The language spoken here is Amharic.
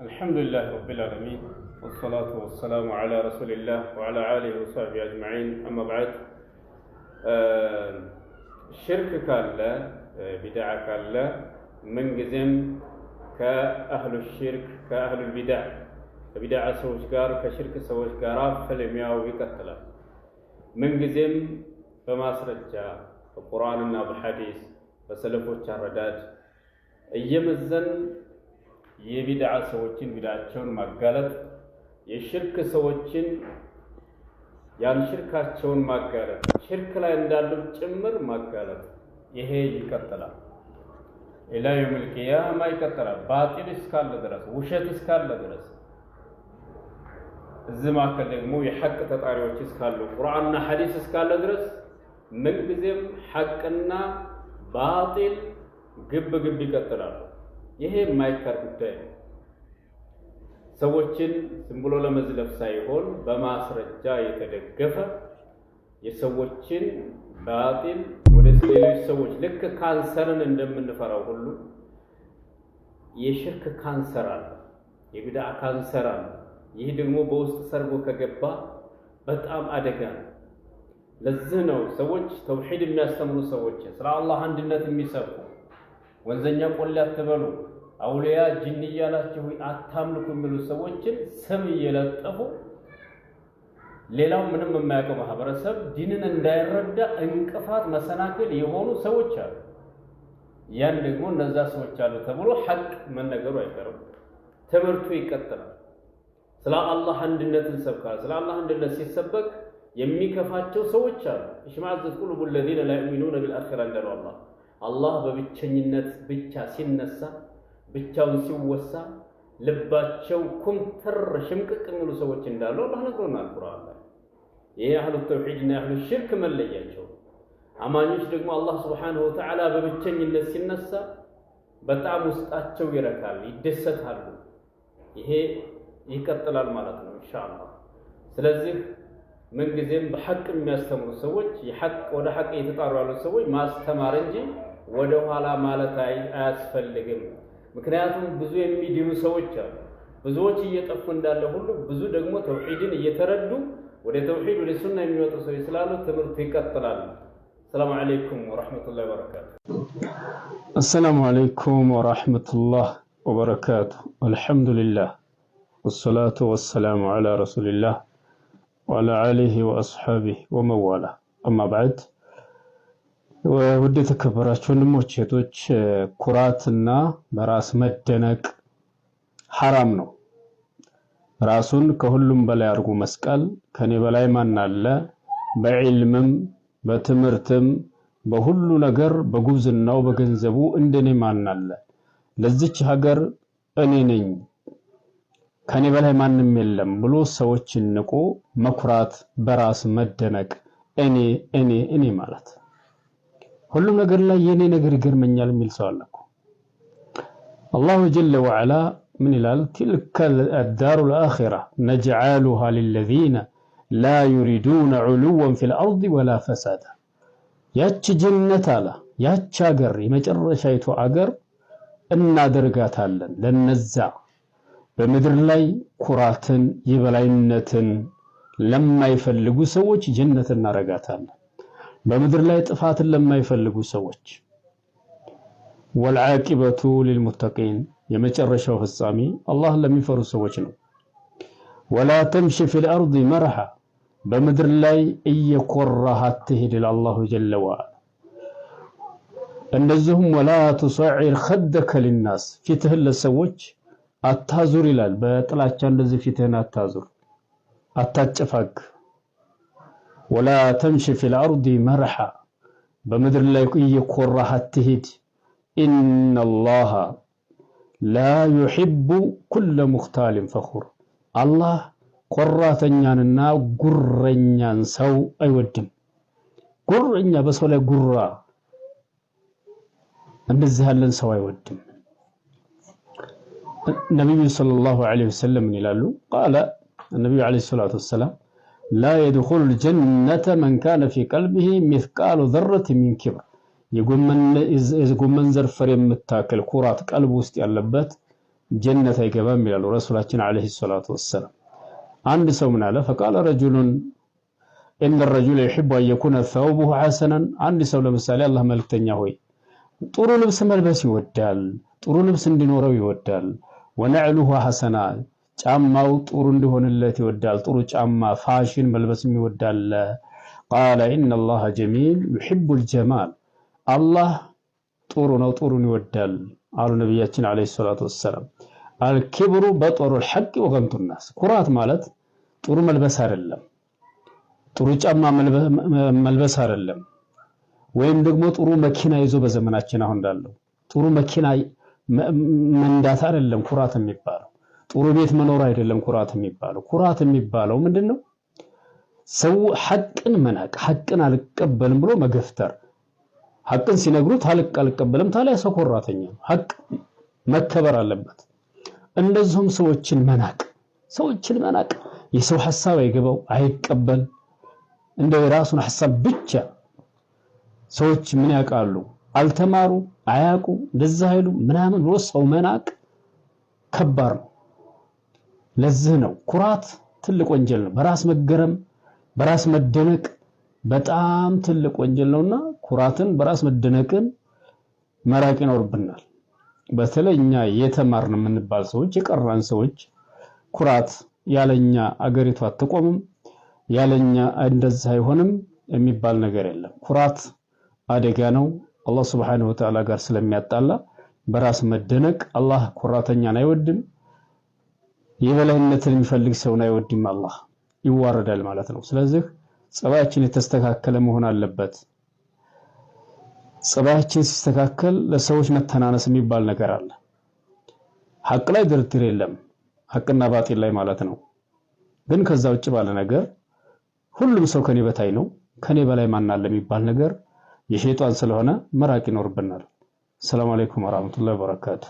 الحمد لله رب العالمين والصلاة والسلام على رسول الله وعلى آله وصحبه أجمعين أما بعد الشرك آه، قال لا آه، بدعة قال لا من قزم كأهل الشرك كأهل البدع بدعة سوشكار كشرك سوشكار فلمياء ويكتلا من قزم فما سرجا في القرآن بالحديث فسلفوا الشهر داج أيام الزن የቢድዓ ሰዎችን ቢድዓቸውን ማጋለጥ፣ የሽርክ ሰዎችን ያን ሽርካቸውን ማጋለጥ፣ ሽርክ ላይ እንዳሉ ጭምር ማጋለጥ፣ ይሄ ይቀጥላል። ኢላ የውሚል ቂያማ ይቀጥላል። ባጢል እስካለ ድረስ፣ ውሸት እስካለ ድረስ እዚህ መካከል ደግሞ የሐቅ ተጣሪዎች እስካሉ ቁርአንና ሐዲስ እስካለ ድረስ ምንጊዜም ሐቅና ባጢል ግብ ግብ ይቀጥላሉ። ይሄ የማይካድ ጉዳይ ነው። ሰዎችን ዝም ብሎ ለመዝለፍ ሳይሆን በማስረጃ የተደገፈ የሰዎችን ባጢል ወደ ሌሎች ሰዎች ልክ ካንሰርን እንደምንፈራው ሁሉ የሽርክ ካንሰር አለ፣ የቢድዓ ካንሰር አለ። ይህ ደግሞ በውስጥ ሰርጎ ከገባ በጣም አደጋ ነው። ለዚህ ነው ሰዎች ተውሂድ የሚያስተምሩ ሰዎች ስለ አላህ አንድነት የሚሰብኩ ወንዘኛ ቆሌ አትበሉ፣ አውሊያ ጅን እያላችሁ አታምልኩ የሚሉ ሰዎችን ስም እየለጠፉ ሌላው ምንም የማያውቀው ማህበረሰብ ዲንን እንዳይረዳ እንቅፋት መሰናክል የሆኑ ሰዎች አሉ። ያን ደግሞ እነዛ ሰዎች አሉ ተብሎ ሐቅ መነገሩ አይቀርም። ትምህርቱ ይቀጥላል። ስለ አላህ አንድነት እንሰብካለን። ስለ አላህ አንድነት ሲሰበክ የሚከፋቸው ሰዎች አሉ። ሽማዕዘት ቁሉቡ ለዚነ ላ ዩሚኑነ ቢልአኺራ እንዳሉ አላህ አላህ በብቸኝነት ብቻ ሲነሳ ብቻውን ሲወሳ ልባቸው ኩምትር ሽምቅቅ የሚሉ ሰዎች እንዳሉ አላህ ነግሮናል ቁርአን ላይ። ይሄ አህሉ ተውሒድና የአህሉ ሽርክ መለያቸው። አማኞች ደግሞ አላህ ስብሓነሁ ወተዓላ በብቸኝነት ሲነሳ በጣም ውስጣቸው ይረካል፣ ይደሰታሉ። ይሄ ይቀጥላል ማለት ነው ኢንሻአላህ። ስለዚህ ምንጊዜም በሐቅ የሚያስተምሩ ሰዎች የሐቅ ወደ ሐቅ እየተጣሩ ያሉ ሰዎች ማስተማር እንጂ ወደ ኋላ ማለት አያስፈልግም። ምክንያቱም ብዙ የሚድኑ ሰዎች አሉ። ብዙዎች እየጠፉ እንዳለ ሁሉ ብዙ ደግሞ ተውሒድን እየተረዱ ወደ ተውሒድ ወደ ሱና የሚወጡ ሰዎች ስላሉ ትምህርቱ ይቀጥላል። አሰላሙ አለይኩም ወረሕመቱላህ ወበረካቱ። አሰላሙ አለይኩም ወረሕመቱላህ ወበረካቱ። አልሐምዱሊላህ ወሰላቱ ወሰላሙ አላ ረሱሊላህ ወአላ አሊህ ወአስሓቢህ ወመዋላ አማ ባዕድ ውድ የተከበራችሁ ወንድሞች እህቶች፣ ኩራትና በራስ መደነቅ ሐራም ነው። ራሱን ከሁሉም በላይ አድርጎ መስቀል ከኔ በላይ ማን አለ፣ በዒልምም በትምህርትም በሁሉ ነገር በጉብዝናው በገንዘቡ እንደኔ ማን አለ፣ ለዚች ሀገር እኔ ነኝ ከኔ በላይ ማንም የለም ብሎ ሰዎችን ንቆ መኩራት፣ በራስ መደነቅ፣ እኔ እኔ እኔ ማለት ሁሉም ነገር ላይ የኔ ነገር ይገርመኛል የሚል ሰው አለ እኮ። አላሁ ጀለ ወዓላ ምን ይላል? ትልከ አዳሩ ልአኺራ ነጅዓሉሃ ሊለዚነ ላ ዩሪዱነ ዑሉወን ፊል አርድ ወላ ፈሳዳ። ያች ጀነት አለ ያች አገር የመጨረሻይቱ አገር እናደርጋታለን ለነዛ በምድር ላይ ኩራትን የበላይነትን ለማይፈልጉ ሰዎች ጀነት እናደርጋታለን። بمدر لا يتفات لما يفلقوا سواج والعاقبة للمتقين يما يترشوا السامي الله لم يفروا سواجنا ولا تمشي في الأرض مرحا بمدر لا يقرها تهد الله جل وعلا النزهم ولا تصعر خدك للناس في تهل السواج التازر لال بطلع جاندز في تهنا التازر التاجفاق ولا تمشي في الأرض مرحا بمدر لك يكون راح إن الله لا يحب كل مختال فخور الله ثنيان قراتن يعني ثنيان سو أي ودم ثنيان بس ولا قرى نزها لنسو أي ودم النبي صلى الله عليه وسلم قال النبي عليه الصلاة والسلام ላ የድኹሉል ጀነተ መን ካነ ፊ ቀልቢሂ ሚስቃሉ ዘረት ሚን ኪብር የጎመን ዘር ፍሬ የምታክል ኩራት ቀልብ ውስጥ ያለበት ጀነት አይገባም ይላሉ ረሱላችን ዓለይሂ ሰላቱ ወሰላም። አንድ ሰው ምን አለ? ፈቃለ ረጁሉን ኢነ ረጁለ ዩሒቡ አን ተውቡሁ ሐሰናን። አንድ ሰው ለምሳሌ አላህ መልክተኛ ሆይ ጥሩ ልብስ መልበስ ይወዳል፣ ጥሩ ልብስ እንዲኖረው ይወዳል። ወነዕሉሁ ሐሰና ጫማው ጥሩ እንዲሆንለት ይወዳል። ጥሩ ጫማ ፋሽን መልበስም ይወዳል። ቃለ ኢነላሃ ጀሚል ዩሂቡል ጀማል፣ አላህ ጥሩ ነው፣ ጥሩን ይወዳል አሉ ነቢያችን ዓለይሂ ሰላቱ ወሰላም። አልኪብሩ በጦሩል ሐቂ ወገምቱ ናስ፣ ኩራት ማለት ጥሩ መልበስ አይደለም፣ ጥሩ ጫማ መልበስ አይደለም። ወይም ደግሞ ጥሩ መኪና ይዞ በዘመናችን አሁን እንዳለው ጥሩ መኪና መንዳት አይደለም ኩራት የሚባለው ጥሩ ቤት መኖር አይደለም ኩራት የሚባለው። ኩራት የሚባለው ምንድን ነው? ሰው ሐቅን መናቅ፣ ሐቅን አልቀበልም ብሎ መገፍተር። ሐቅን ሲነግሩ ታልቅ አልቀበልም ታዲያ ሰው ኮራተኛ ነው። ሐቅ መከበር አለበት። እንደዚሁም ሰዎችን መናቅ፣ ሰዎችን መናቅ፣ የሰው ሐሳብ አይገባው አይቀበል፣ እንደ የራሱን ሐሳብ ብቻ። ሰዎች ምን ያውቃሉ? አልተማሩ፣ አያውቁ፣ እንደዛ አይሉ ምናምን ብሎ ሰው መናቅ ከባድ ነው። ለዚህ ነው ኩራት ትልቅ ወንጀል ነው። በራስ መገረም፣ በራስ መደነቅ በጣም ትልቅ ወንጀል ነውና ኩራትን፣ በራስ መደነቅን መራቅ ይኖርብናል። በተለይ እኛ የተማርን የምንባል ሰዎች የቀራን ሰዎች ኩራት ያለኛ አገሪቱ አትቆምም፣ ያለኛ እንደዚህ አይሆንም የሚባል ነገር የለም። ኩራት አደጋ ነው፣ አላህ ሱብሓነሁ ወተዓላ ጋር ስለሚያጣላ። በራስ መደነቅ አላህ ኩራተኛን አይወድም። የበላይነትን የሚፈልግ ሰውን አይወድም አላህ ይዋረዳል ማለት ነው። ስለዚህ ጸባያችን የተስተካከለ መሆን አለበት። ጸባያችን ሲስተካከል ለሰዎች መተናነስ የሚባል ነገር አለ። ሐቅ ላይ ድርድር የለም፣ ሐቅና ባጢል ላይ ማለት ነው። ግን ከዛ ውጭ ባለ ነገር ሁሉም ሰው ከኔ በታይ ነው ከኔ በላይ ማን አለ የሚባል ነገር የሸይጣን ስለሆነ መራቅ ይኖርብናል። ሰላም አለይኩም ወራህመቱላሂ በረካቱ።